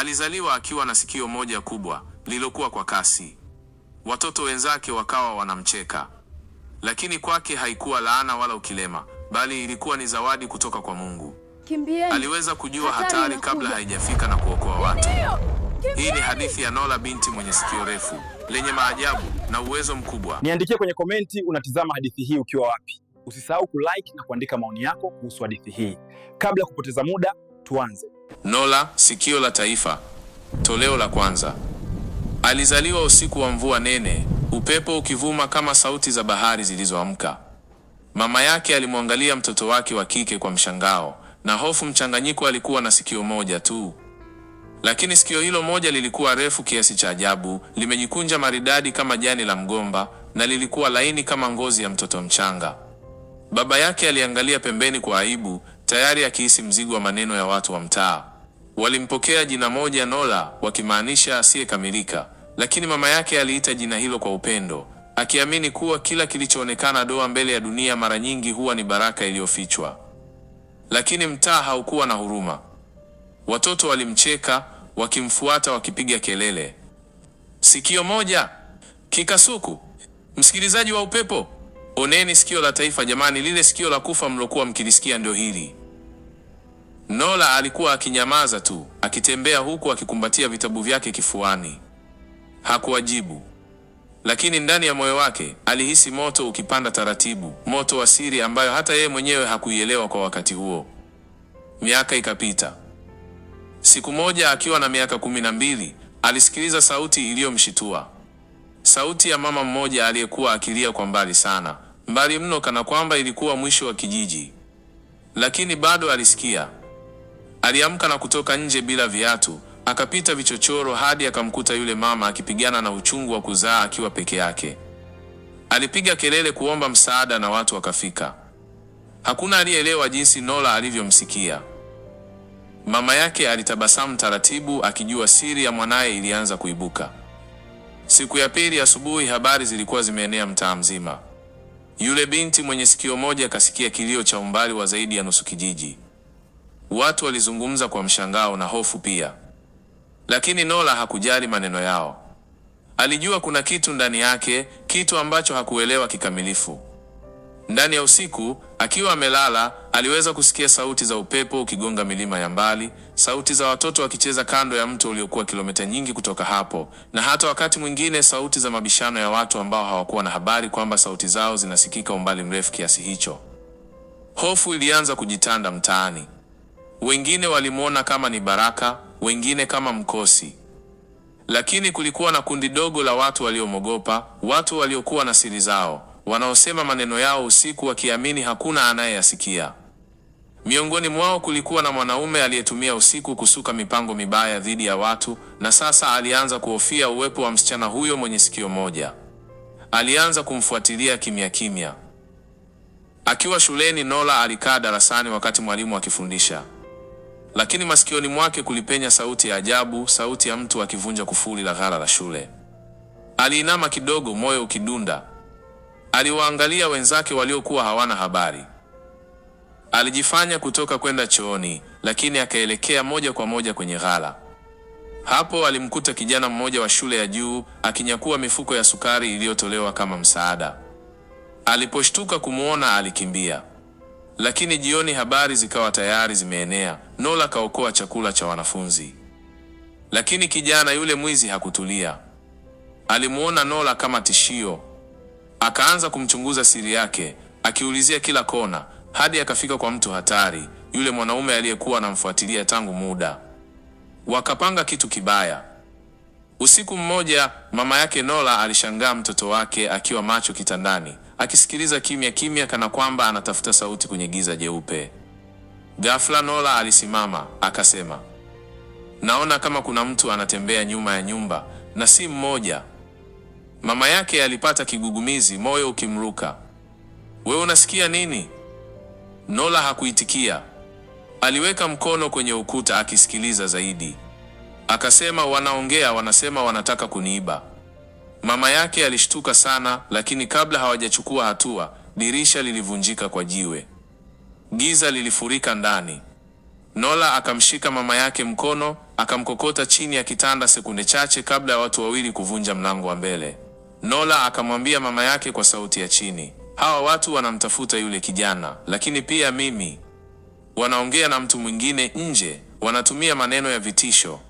Alizaliwa akiwa na sikio moja kubwa lilokuwa kwa kasi. Watoto wenzake wakawa wanamcheka, lakini kwake haikuwa laana wala ukilema, bali ilikuwa ni zawadi kutoka kwa Mungu. Kimbia, Aliweza kujua hatari, hatari kabla haijafika na kuokoa watu. Hii ni hadithi ya Nola, binti mwenye sikio refu lenye maajabu na uwezo mkubwa. Niandikie kwenye komenti, unatizama hadithi hii ukiwa wapi? Usisahau kulike na kuandika maoni yako kuhusu hadithi hii. Kabla ya kupoteza muda Tuanze. Nola, sikio la taifa, toleo la kwanza. Alizaliwa usiku wa mvua nene, upepo ukivuma kama sauti za bahari zilizoamka. Mama yake alimwangalia mtoto wake wa kike kwa mshangao na hofu mchanganyiko. Alikuwa na sikio moja tu, lakini sikio hilo moja lilikuwa refu kiasi cha ajabu, limejikunja maridadi kama jani la mgomba, na lilikuwa laini kama ngozi ya mtoto mchanga. Baba yake aliangalia pembeni kwa aibu, tayari akihisi mzigo wa maneno ya watu wa mtaa. Walimpokea jina moja Nola, wakimaanisha asiyekamilika, lakini mama yake aliita jina hilo kwa upendo, akiamini kuwa kila kilichoonekana doa mbele ya dunia mara nyingi huwa ni baraka iliyofichwa. Lakini mtaa haukuwa na huruma. Watoto walimcheka, wakimfuata, wakipiga kelele. Sikio moja kikasuku, msikilizaji wa upepo, oneni sikio la taifa jamani, lile sikio la kufa mlokuwa mkilisikia ndio hili. Nola alikuwa akinyamaza tu, akitembea huku akikumbatia vitabu vyake kifuani. Hakuwajibu, lakini ndani ya moyo wake alihisi moto ukipanda taratibu, moto wa siri ambayo hata yeye mwenyewe hakuielewa kwa wakati huo. Miaka ikapita. Siku moja akiwa na miaka kumi na mbili alisikiliza sauti iliyomshitua, sauti ya mama mmoja aliyekuwa akilia kwa mbali sana, mbali mno, kana kwamba ilikuwa mwisho wa kijiji, lakini bado alisikia. Aliamka na kutoka nje bila viatu, akapita vichochoro hadi akamkuta yule mama akipigana na uchungu wa kuzaa akiwa peke yake. Alipiga kelele kuomba msaada na watu wakafika. Hakuna aliyeelewa jinsi Nola alivyomsikia. Mama yake alitabasamu taratibu, akijua siri ya mwanaye ilianza kuibuka. Siku ya pili asubuhi, habari zilikuwa zimeenea mtaa mzima. Yule binti mwenye sikio moja akasikia kilio cha umbali wa zaidi ya nusu kijiji. Watu walizungumza kwa mshangao na hofu pia, lakini Nola hakujali maneno yao. Alijua kuna kitu ndani yake, kitu ambacho hakuelewa kikamilifu. Ndani ya usiku, akiwa amelala, aliweza kusikia sauti za upepo ukigonga milima ya mbali, sauti za watoto wakicheza kando ya mto uliokuwa kilomita nyingi kutoka hapo, na hata wakati mwingine sauti za mabishano ya watu ambao hawakuwa na habari kwamba sauti zao zinasikika umbali mrefu kiasi hicho. Hofu ilianza kujitanda mtaani. Wengine walimwona kama ni baraka, wengine kama mkosi. Lakini kulikuwa na kundi dogo la watu waliomwogopa, watu waliokuwa na siri zao, wanaosema maneno yao usiku wakiamini hakuna anayeyasikia. Miongoni mwao kulikuwa na mwanaume aliyetumia usiku kusuka mipango mibaya dhidi ya watu, na sasa alianza kuhofia uwepo wa msichana huyo mwenye sikio moja. Alianza kumfuatilia kimya kimya. Akiwa shuleni, Nola alikaa darasani wakati mwalimu akifundisha lakini masikioni mwake kulipenya sauti ya ajabu, sauti ya mtu akivunja kufuli la ghala la shule. Aliinama kidogo, moyo ukidunda. Aliwaangalia wenzake waliokuwa hawana habari. Alijifanya kutoka kwenda chooni, lakini akaelekea moja kwa moja kwenye ghala. Hapo alimkuta kijana mmoja wa shule ya juu akinyakua mifuko ya sukari iliyotolewa kama msaada. Aliposhtuka kumwona, alikimbia. Lakini jioni habari zikawa tayari zimeenea, Nola kaokoa chakula cha wanafunzi. Lakini kijana yule mwizi hakutulia. Alimuona Nola kama tishio, akaanza kumchunguza siri yake, akiulizia kila kona, hadi akafika kwa mtu hatari, yule mwanaume aliyekuwa anamfuatilia tangu muda. Wakapanga kitu kibaya. Usiku mmoja, mama yake Nola alishangaa mtoto wake akiwa macho kitandani akisikiliza kimya kimya, kana kwamba anatafuta sauti kwenye giza jeupe. Ghafla Nola alisimama akasema, naona kama kuna mtu anatembea nyuma ya nyumba na si mmoja. Mama yake alipata kigugumizi, moyo ukimruka. Wewe unasikia nini? Nola hakuitikia. Aliweka mkono kwenye ukuta akisikiliza zaidi. Akasema, wanaongea, wanasema wanataka kuniiba. Mama yake alishtuka sana, lakini kabla hawajachukua hatua, dirisha lilivunjika kwa jiwe. Giza lilifurika ndani. Nola akamshika mama yake mkono, akamkokota chini ya kitanda, sekunde chache kabla ya watu wawili kuvunja mlango wa mbele. Nola akamwambia mama yake kwa sauti ya chini, hawa watu wanamtafuta yule kijana, lakini pia mimi. Wanaongea na mtu mwingine nje, wanatumia maneno ya vitisho.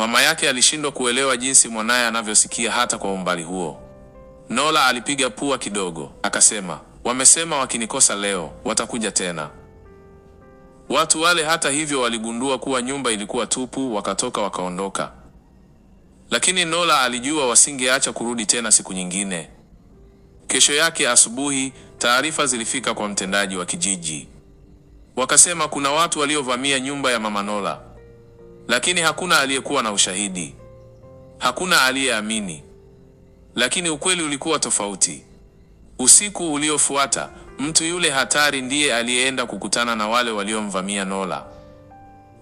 Mama yake alishindwa kuelewa jinsi mwanaye anavyosikia hata kwa umbali huo. Nola alipiga pua kidogo, akasema, wamesema wakinikosa leo watakuja tena. Watu wale hata hivyo waligundua kuwa nyumba ilikuwa tupu, wakatoka wakaondoka. Lakini Nola alijua wasingeacha kurudi tena siku nyingine. Kesho yake asubuhi, taarifa zilifika kwa mtendaji wa kijiji, wakasema kuna watu waliovamia nyumba ya mama Nola lakini hakuna aliyekuwa na ushahidi, hakuna aliyeamini. Lakini ukweli ulikuwa tofauti. Usiku uliofuata, mtu yule hatari ndiye aliyeenda kukutana na wale waliomvamia Nola.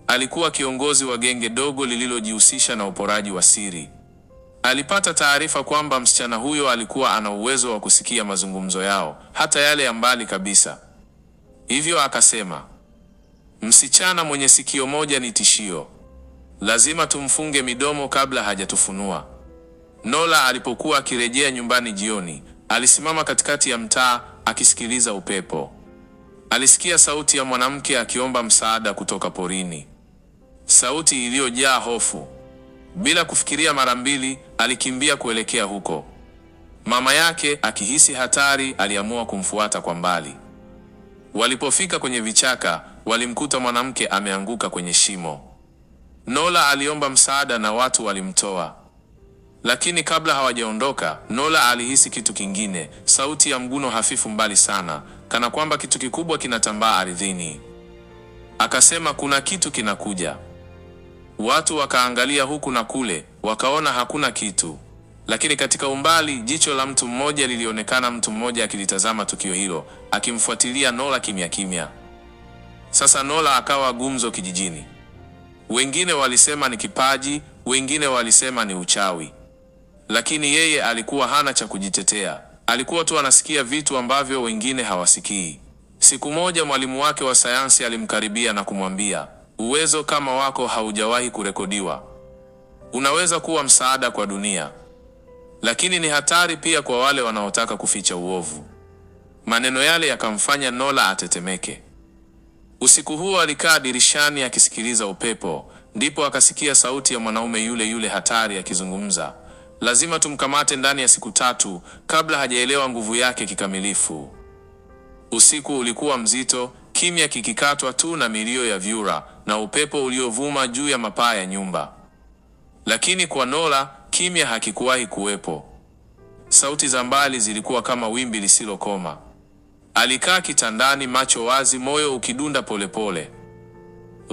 Alikuwa kiongozi wa genge dogo lililojihusisha na uporaji wa siri. Alipata taarifa kwamba msichana huyo alikuwa ana uwezo wa kusikia mazungumzo yao, hata yale ya mbali kabisa. Hivyo akasema, msichana mwenye sikio moja ni tishio lazima tumfunge midomo kabla hajatufunua. Nola alipokuwa akirejea nyumbani jioni, alisimama katikati ya mtaa akisikiliza upepo. Alisikia sauti ya mwanamke akiomba msaada kutoka porini, sauti iliyojaa hofu. Bila kufikiria mara mbili, alikimbia kuelekea huko. Mama yake akihisi hatari, aliamua kumfuata kwa mbali. Walipofika kwenye vichaka, walimkuta mwanamke ameanguka kwenye shimo. Nola aliomba msaada na watu walimtoa. Lakini kabla hawajaondoka, Nola alihisi kitu kingine, sauti ya mguno hafifu mbali sana, kana kwamba kitu kikubwa kinatambaa ardhini. Akasema kuna kitu kinakuja. Watu wakaangalia huku na kule, wakaona hakuna kitu. Lakini katika umbali, jicho la mtu mmoja lilionekana, mtu mmoja akilitazama tukio hilo, akimfuatilia Nola kimya kimya. Sasa Nola akawa gumzo kijijini. Wengine walisema ni kipaji, wengine walisema ni uchawi, lakini yeye alikuwa hana cha kujitetea. Alikuwa tu anasikia vitu ambavyo wengine hawasikii. Siku moja mwalimu wake wa sayansi alimkaribia na kumwambia, uwezo kama wako haujawahi kurekodiwa. Unaweza kuwa msaada kwa dunia, lakini ni hatari pia kwa wale wanaotaka kuficha uovu. Maneno yale yakamfanya Nola atetemeke. Usiku huo alikaa dirishani akisikiliza upepo, ndipo akasikia sauti ya mwanaume yule yule hatari akizungumza, lazima tumkamate ndani ya siku tatu kabla hajaelewa nguvu yake kikamilifu. Usiku ulikuwa mzito, kimya kikikatwa tu na milio ya vyura na upepo uliovuma juu ya mapaa ya nyumba, lakini kwa Nola kimya hakikuwahi kuwepo. Sauti za mbali zilikuwa kama wimbi lisilokoma. Alikaa kitandani, macho wazi, moyo ukidunda polepole.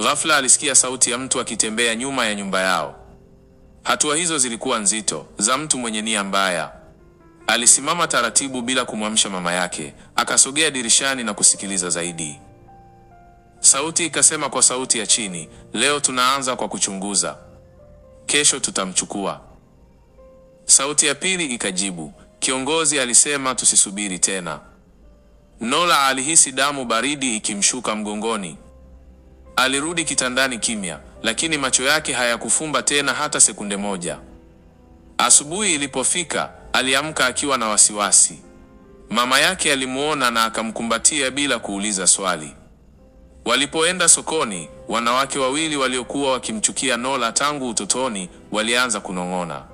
Ghafla alisikia sauti ya mtu akitembea nyuma ya nyumba yao. Hatua hizo zilikuwa nzito, za mtu mwenye nia mbaya. Alisimama taratibu bila kumwamsha mama yake, akasogea dirishani na kusikiliza zaidi. Sauti ikasema kwa sauti ya chini, leo tunaanza kwa kuchunguza, kesho tutamchukua. Sauti ya pili ikajibu, kiongozi alisema tusisubiri tena. Nola alihisi damu baridi ikimshuka mgongoni. Alirudi kitandani kimya, lakini macho yake hayakufumba tena hata sekunde moja. Asubuhi ilipofika, aliamka akiwa na wasiwasi. Mama yake alimuona na akamkumbatia bila kuuliza swali. Walipoenda sokoni, wanawake wawili waliokuwa wakimchukia Nola tangu utotoni walianza kunong'ona.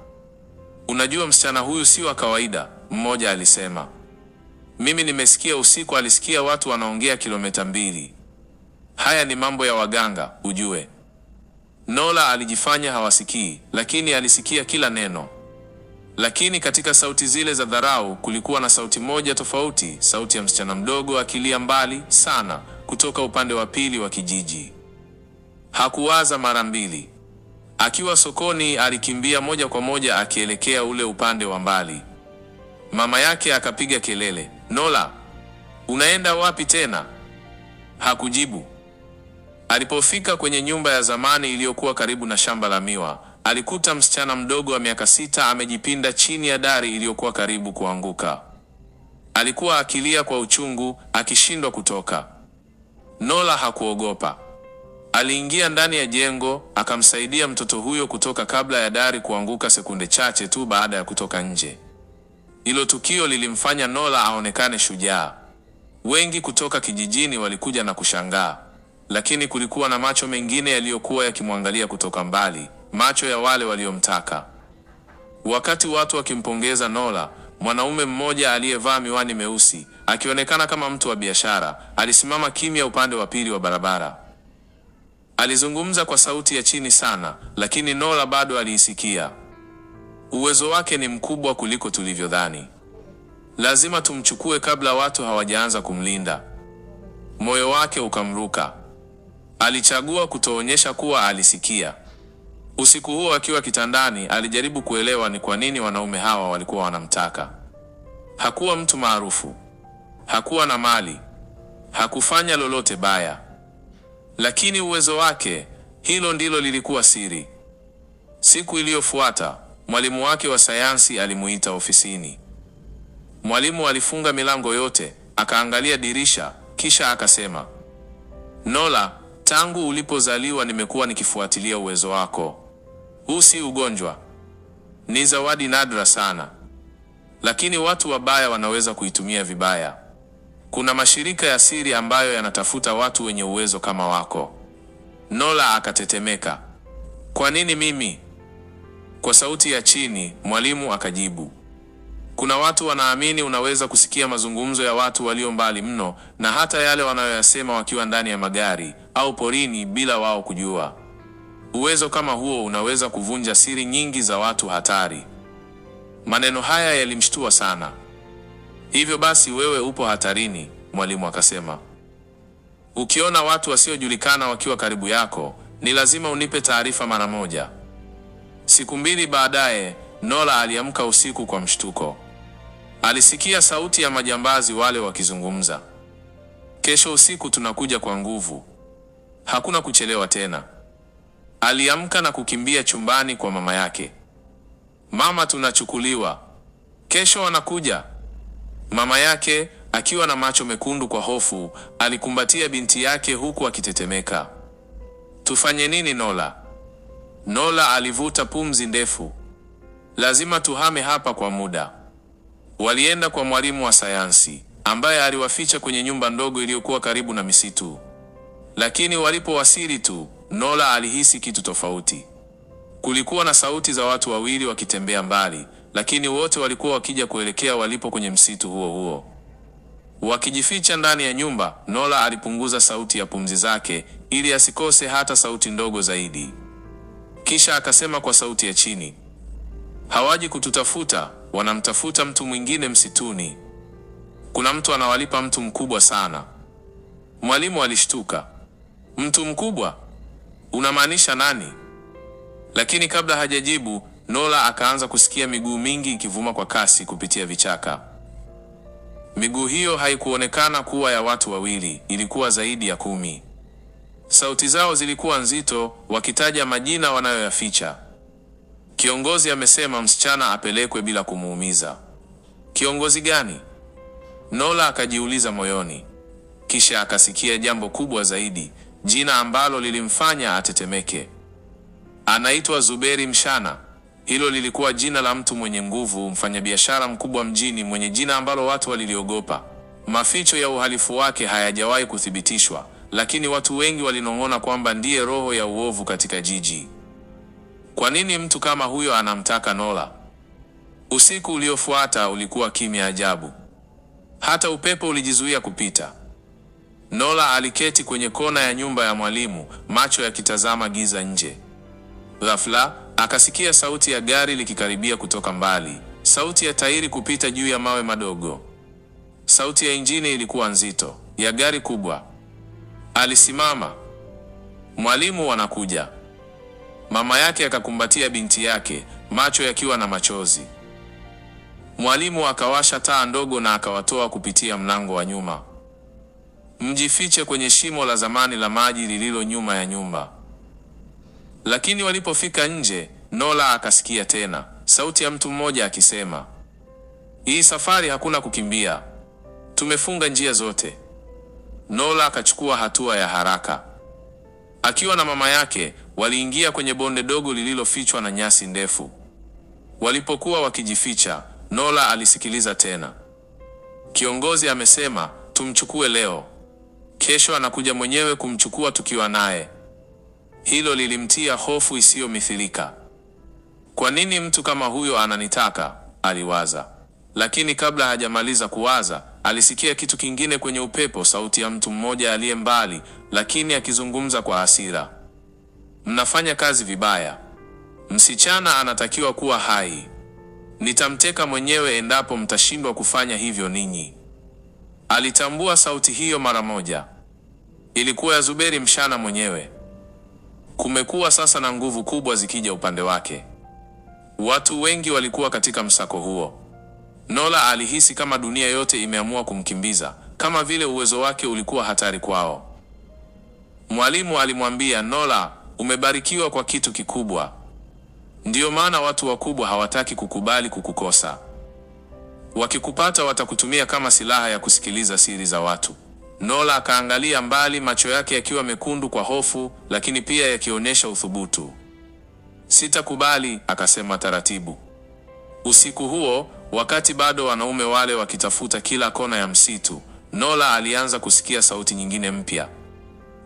Unajua msichana huyu si wa kawaida, mmoja alisema. Mimi nimesikia usiku alisikia watu wanaongea kilomita mbili. Haya ni mambo ya waganga, ujue. Nola alijifanya hawasikii, lakini alisikia kila neno. Lakini katika sauti zile za dharau kulikuwa na sauti moja tofauti, sauti ya msichana mdogo akilia mbali sana kutoka upande wa pili wa kijiji. Hakuwaza mara mbili. Akiwa sokoni, alikimbia moja kwa moja akielekea ule upande wa mbali. Mama yake akapiga kelele. Nola, unaenda wapi tena? Hakujibu. Alipofika kwenye nyumba ya zamani iliyokuwa karibu na shamba la miwa, alikuta msichana mdogo wa miaka sita amejipinda chini ya dari iliyokuwa karibu kuanguka. Alikuwa akilia kwa uchungu, akishindwa kutoka. Nola hakuogopa. Aliingia ndani ya jengo, akamsaidia mtoto huyo kutoka kabla ya dari kuanguka sekunde chache tu baada ya kutoka nje. Hilo tukio lilimfanya Nola aonekane shujaa. Wengi kutoka kijijini walikuja na kushangaa, lakini kulikuwa na macho mengine yaliyokuwa yakimwangalia kutoka mbali, macho ya wale waliomtaka. Wakati watu wakimpongeza Nola, mwanaume mmoja aliyevaa miwani meusi, akionekana kama mtu wa biashara, alisimama kimya upande wa pili wa barabara. Alizungumza kwa sauti ya chini sana, lakini Nola bado aliisikia. Uwezo wake ni mkubwa kuliko tulivyodhani. Lazima tumchukue kabla watu hawajaanza kumlinda. Moyo wake ukamruka. Alichagua kutoonyesha kuwa alisikia. Usiku huo akiwa kitandani, alijaribu kuelewa ni kwa nini wanaume hawa walikuwa wanamtaka. Hakuwa mtu maarufu, hakuwa na mali, hakufanya lolote baya, lakini uwezo wake, hilo ndilo lilikuwa siri. Siku iliyofuata Mwalimu wake wa sayansi alimuita ofisini. Mwalimu alifunga milango yote, akaangalia dirisha, kisha akasema, Nola, tangu ulipozaliwa nimekuwa nikifuatilia uwezo wako. Huu si ugonjwa, ni zawadi nadra sana, lakini watu wabaya wanaweza kuitumia vibaya. Kuna mashirika ya siri ambayo yanatafuta watu wenye uwezo kama wako. Nola akatetemeka. Kwa nini mimi? Kwa sauti ya chini, mwalimu akajibu, kuna watu wanaamini unaweza kusikia mazungumzo ya watu walio mbali mno na hata yale wanayoyasema wakiwa ndani ya magari au porini bila wao kujua. Uwezo kama huo unaweza kuvunja siri nyingi za watu hatari. Maneno haya yalimshtua sana. Hivyo basi wewe upo hatarini, mwalimu akasema. Ukiona watu wasiojulikana wakiwa karibu yako, ni lazima unipe taarifa mara moja. Siku mbili baadaye, Nola aliamka usiku kwa mshtuko. Alisikia sauti ya majambazi wale wakizungumza, kesho usiku tunakuja kwa nguvu, hakuna kuchelewa tena. Aliamka na kukimbia chumbani kwa mama yake. Mama, tunachukuliwa, kesho wanakuja. Mama yake akiwa na macho mekundu kwa hofu, alikumbatia binti yake huku akitetemeka. Tufanye nini Nola? Nola alivuta pumzi ndefu. Lazima tuhame hapa kwa muda. Walienda kwa mwalimu wa sayansi ambaye aliwaficha kwenye nyumba ndogo iliyokuwa karibu na misitu. Lakini walipowasili tu, Nola alihisi kitu tofauti. Kulikuwa na sauti za watu wawili wakitembea mbali, lakini wote walikuwa wakija kuelekea walipo kwenye msitu huo huo. Wakijificha ndani ya nyumba, Nola alipunguza sauti ya pumzi zake ili asikose hata sauti ndogo zaidi. Kisha akasema kwa sauti ya chini, hawaji kututafuta, wanamtafuta mtu mwingine msituni. Kuna mtu anawalipa mtu mkubwa sana. Mwalimu alishtuka. Mtu mkubwa? Unamaanisha nani? Lakini kabla hajajibu, Nola akaanza kusikia miguu mingi ikivuma kwa kasi kupitia vichaka. Miguu hiyo haikuonekana kuwa ya watu wawili, ilikuwa zaidi ya kumi. Sauti zao zilikuwa nzito, wakitaja majina wanayoyaficha. Kiongozi amesema msichana apelekwe bila kumuumiza. Kiongozi gani? Nola akajiuliza moyoni, kisha akasikia jambo kubwa zaidi, jina ambalo lilimfanya atetemeke. Anaitwa Zuberi Mshana. Hilo lilikuwa jina la mtu mwenye nguvu, mfanyabiashara mkubwa mjini, mwenye jina ambalo watu waliliogopa. Maficho ya uhalifu wake hayajawahi kuthibitishwa, lakini watu wengi walinong'ona kwamba ndiye roho ya uovu katika jiji. Kwa nini mtu kama huyo anamtaka Nola? Usiku uliofuata ulikuwa kimya ajabu, hata upepo ulijizuia kupita. Nola aliketi kwenye kona ya nyumba ya mwalimu, macho yakitazama giza nje. Ghafla akasikia sauti ya gari likikaribia kutoka mbali, sauti ya tairi kupita juu ya mawe madogo. Sauti ya injini ilikuwa nzito, ya gari kubwa. Alisimama. Mwalimu wanakuja Mama yake akakumbatia binti yake, macho yakiwa na machozi. Mwalimu akawasha taa ndogo na akawatoa kupitia mlango wa nyuma. Mjifiche kwenye shimo la zamani la maji lililo nyuma ya nyumba. Lakini walipofika nje, Nola akasikia tena sauti ya mtu mmoja akisema, hii safari hakuna kukimbia, tumefunga njia zote. Nola akachukua hatua ya haraka. Akiwa na mama yake, waliingia kwenye bonde dogo lililofichwa na nyasi ndefu. Walipokuwa wakijificha, Nola alisikiliza tena. Kiongozi amesema tumchukue leo, kesho anakuja mwenyewe kumchukua tukiwa naye. Hilo lilimtia hofu isiyomithilika. Kwa nini mtu kama huyo ananitaka? Aliwaza, lakini kabla hajamaliza kuwaza Alisikia kitu kingine kwenye upepo, sauti ya mtu mmoja aliye mbali, lakini akizungumza kwa hasira. Mnafanya kazi vibaya. Msichana anatakiwa kuwa hai. Nitamteka mwenyewe endapo mtashindwa kufanya hivyo ninyi. Alitambua sauti hiyo mara moja. Ilikuwa ya Zuberi Mshana mwenyewe. Kumekuwa sasa na nguvu kubwa zikija upande wake. Watu wengi walikuwa katika msako huo. Nola alihisi kama dunia yote imeamua kumkimbiza, kama vile uwezo wake ulikuwa hatari kwao. Mwalimu alimwambia Nola, umebarikiwa kwa kitu kikubwa, ndiyo maana watu wakubwa hawataki kukubali kukukosa. Wakikupata watakutumia kama silaha ya kusikiliza siri za watu. Nola akaangalia mbali, macho yake yakiwa mekundu kwa hofu, lakini pia yakionyesha uthubutu. Sitakubali, akasema taratibu. Usiku huo Wakati bado wanaume wale wakitafuta kila kona ya msitu, Nola alianza kusikia sauti nyingine mpya,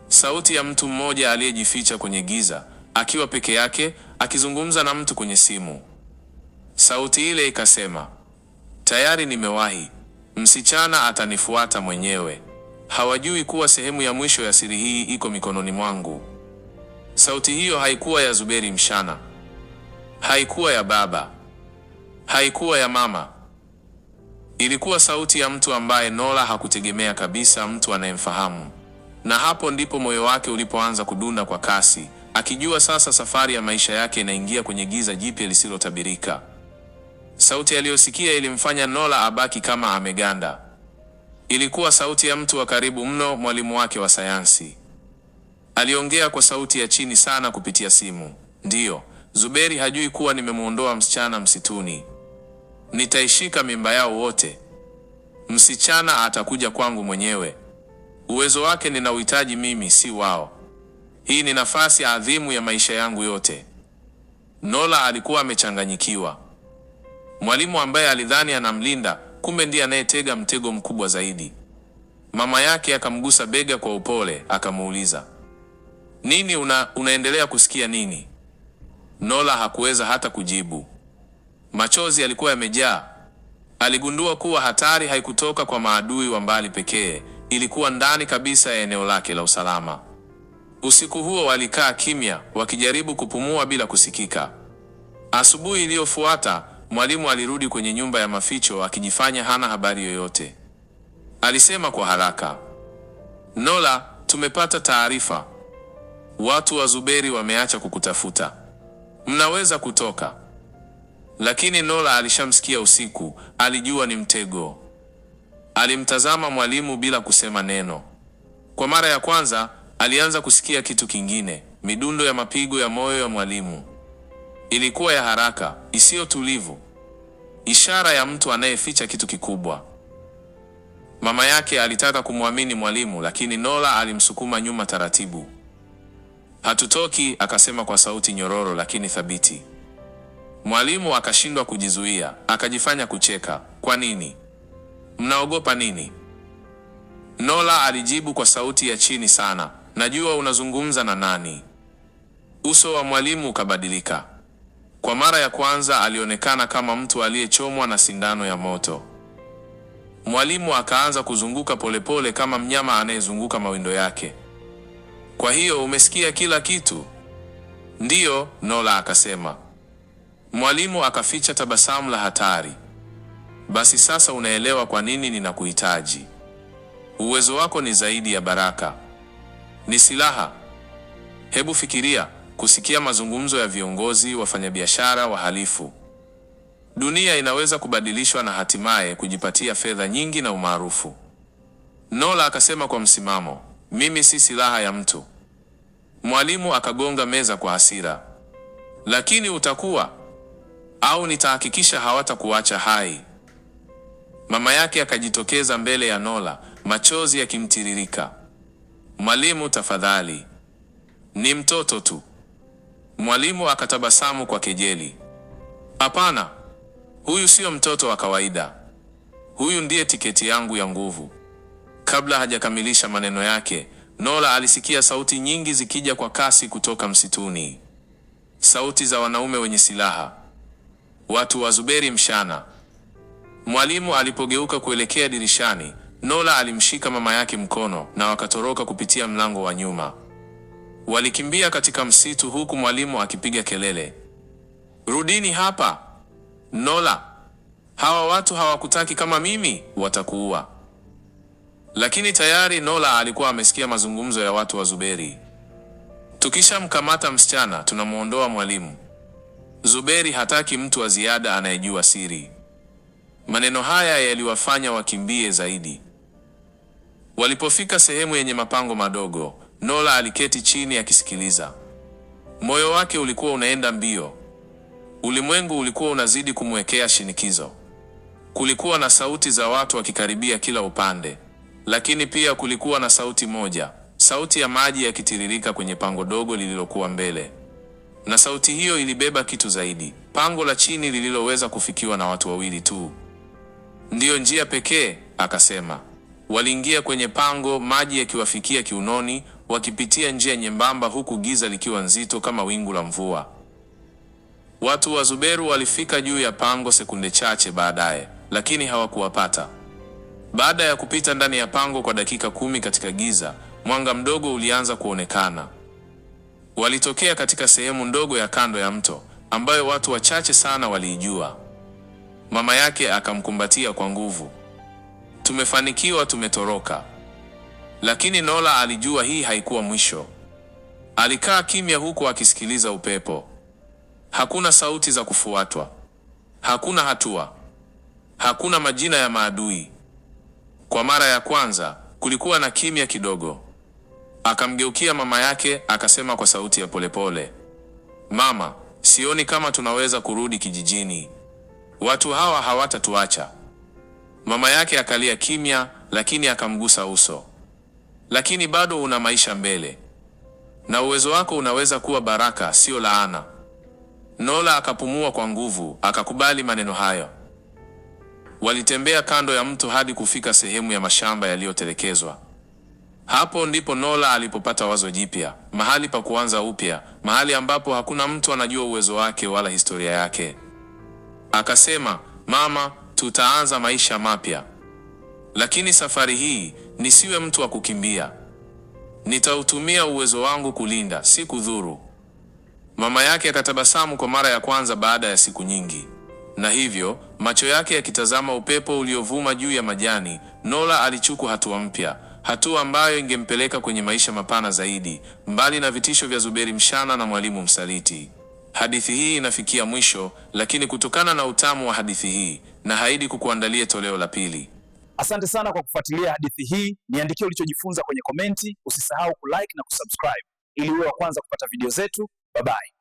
sauti ya mtu mmoja aliyejificha kwenye giza akiwa peke yake akizungumza na mtu kwenye simu. Sauti ile ikasema, tayari nimewahi, msichana atanifuata mwenyewe. Hawajui kuwa sehemu ya mwisho ya siri hii iko mikononi mwangu. Sauti hiyo haikuwa ya Zuberi Mshana, haikuwa ya baba Haikuwa ya mama, ilikuwa sauti ya mtu ambaye Nora hakutegemea kabisa, mtu anayemfahamu. Na hapo ndipo moyo wake ulipoanza kudunda kwa kasi, akijua sasa safari ya maisha yake inaingia kwenye giza jipya lisilotabirika. Sauti aliyosikia ilimfanya Nora abaki kama ameganda. Ilikuwa sauti ya mtu wa karibu mno, mwalimu wake wa sayansi. Aliongea kwa sauti ya chini sana kupitia simu. Ndiyo, Zuberi hajui kuwa nimemwondoa msichana msituni. Nitaishika mimba yao wote. Msichana atakuja kwangu mwenyewe. Uwezo wake ninauhitaji mimi, si wao. Hii ni nafasi adhimu ya maisha yangu yote. Nola alikuwa amechanganyikiwa. Mwalimu ambaye alidhani anamlinda, kumbe ndiye anayetega mtego mkubwa zaidi. Mama yake akamgusa bega kwa upole, akamuuliza nini, una, unaendelea kusikia nini? Nola hakuweza hata kujibu. Machozi yalikuwa yamejaa. Aligundua kuwa hatari haikutoka kwa maadui wa mbali pekee, ilikuwa ndani kabisa ya eneo lake la usalama. Usiku huo walikaa kimya, wakijaribu kupumua bila kusikika. Asubuhi iliyofuata, mwalimu alirudi kwenye nyumba ya maficho akijifanya hana habari yoyote. Alisema kwa haraka, Nola, tumepata taarifa, watu wa Zuberi wameacha kukutafuta, mnaweza kutoka. Lakini Nola alishamsikia usiku, alijua ni mtego. Alimtazama mwalimu bila kusema neno. Kwa mara ya kwanza alianza kusikia kitu kingine, midundo ya mapigo ya moyo ya mwalimu. Ilikuwa ya haraka, isiyo tulivu, ishara ya mtu anayeficha kitu kikubwa. Mama yake alitaka kumwamini mwalimu, lakini Nola alimsukuma nyuma taratibu. Hatutoki, akasema kwa sauti nyororo lakini thabiti. Mwalimu akashindwa kujizuia, akajifanya kucheka. Kwa nini? Mnaogopa nini? Nola alijibu kwa sauti ya chini sana, najua unazungumza na nani. Uso wa mwalimu ukabadilika. Kwa mara ya kwanza alionekana kama mtu aliyechomwa na sindano ya moto. Mwalimu akaanza kuzunguka polepole kama mnyama anayezunguka mawindo yake. Kwa hiyo umesikia kila kitu? Ndiyo, Nola akasema. Mwalimu akaficha tabasamu la hatari. Basi sasa unaelewa kwa nini ninakuhitaji. Uwezo wako ni zaidi ya baraka, ni silaha. Hebu fikiria kusikia mazungumzo ya viongozi, wafanyabiashara, wahalifu. Dunia inaweza kubadilishwa na hatimaye kujipatia fedha nyingi na umaarufu. Nola akasema kwa msimamo, mimi si silaha ya mtu. Mwalimu akagonga meza kwa hasira. Lakini utakuwa au nitahakikisha hawatakuacha hai. Mama yake akajitokeza mbele ya Nola, machozi yakimtiririka. Mwalimu, tafadhali, ni mtoto tu. Mwalimu akatabasamu kwa kejeli. Hapana, huyu sio mtoto wa kawaida. Huyu ndiye tiketi yangu ya nguvu. Kabla hajakamilisha maneno yake, Nola alisikia sauti nyingi zikija kwa kasi kutoka msituni, sauti za wanaume wenye silaha watu wa Zuberi mshana. Mwalimu alipogeuka kuelekea dirishani, Nola alimshika mama yake mkono na wakatoroka kupitia mlango wa nyuma. Walikimbia katika msitu huku mwalimu akipiga kelele, rudini hapa Nola, hawa watu hawakutaki, kama mimi watakuua. Lakini tayari Nola alikuwa amesikia mazungumzo ya watu wa Zuberi. Tukishamkamata msichana tunamwondoa mwalimu Zuberi hataki mtu wa ziada anayejua siri. Maneno haya yaliwafanya wakimbie zaidi. Walipofika sehemu yenye mapango madogo, Nola aliketi chini akisikiliza. Moyo wake ulikuwa unaenda mbio. Ulimwengu ulikuwa unazidi kumwekea shinikizo. Kulikuwa na sauti za watu wakikaribia kila upande, lakini pia kulikuwa na sauti moja, sauti ya maji yakitiririka kwenye pango dogo lililokuwa mbele na sauti hiyo ilibeba kitu zaidi, pango la chini lililoweza kufikiwa na watu wawili tu. Ndiyo njia pekee, akasema. Waliingia kwenye pango, maji yakiwafikia kiunoni, wakipitia njia nyembamba, huku giza likiwa nzito kama wingu la mvua. Watu wa Zuberu walifika juu ya pango sekunde chache baadaye, lakini hawakuwapata. Baada ya kupita ndani ya pango kwa dakika kumi katika giza, mwanga mdogo ulianza kuonekana. Walitokea katika sehemu ndogo ya kando ya mto ambayo watu wachache sana waliijua. Mama yake akamkumbatia kwa nguvu. Tumefanikiwa, tumetoroka. Lakini Nola alijua hii haikuwa mwisho. Alikaa kimya huku akisikiliza upepo. Hakuna sauti za kufuatwa, hakuna hatua, hakuna majina ya maadui. Kwa mara ya kwanza kulikuwa na kimya kidogo. Akamgeukia mama yake akasema kwa sauti ya polepole, mama, sioni kama tunaweza kurudi kijijini, watu hawa hawatatuacha. Mama yake akalia kimya, lakini akamgusa uso. Lakini bado una maisha mbele, na uwezo wako unaweza kuwa baraka, sio laana. Nola akapumua kwa nguvu, akakubali maneno hayo. Walitembea kando ya mto hadi kufika sehemu ya mashamba yaliyotelekezwa. Hapo ndipo Nola alipopata wazo jipya, mahali pa kuanza upya, mahali ambapo hakuna mtu anajua uwezo wake wala historia yake. Akasema, mama, tutaanza maisha mapya, lakini safari hii nisiwe mtu wa kukimbia. Nitautumia uwezo wangu kulinda, si kudhuru. Mama yake akatabasamu kwa mara ya kwanza baada ya siku nyingi, na hivyo macho yake yakitazama upepo uliovuma juu ya majani, Nola alichukua hatua mpya hatua ambayo ingempeleka kwenye maisha mapana zaidi, mbali na vitisho vya Zuberi mshana na mwalimu msaliti. Hadithi hii inafikia mwisho, lakini kutokana na utamu wa hadithi hii na haidi kukuandalia toleo la pili. Asante sana kwa kufuatilia hadithi hii. Niandikie ulichojifunza kwenye komenti, usisahau kulike na kusubscribe ili uwe wa kwanza kupata video zetu. Bye bye.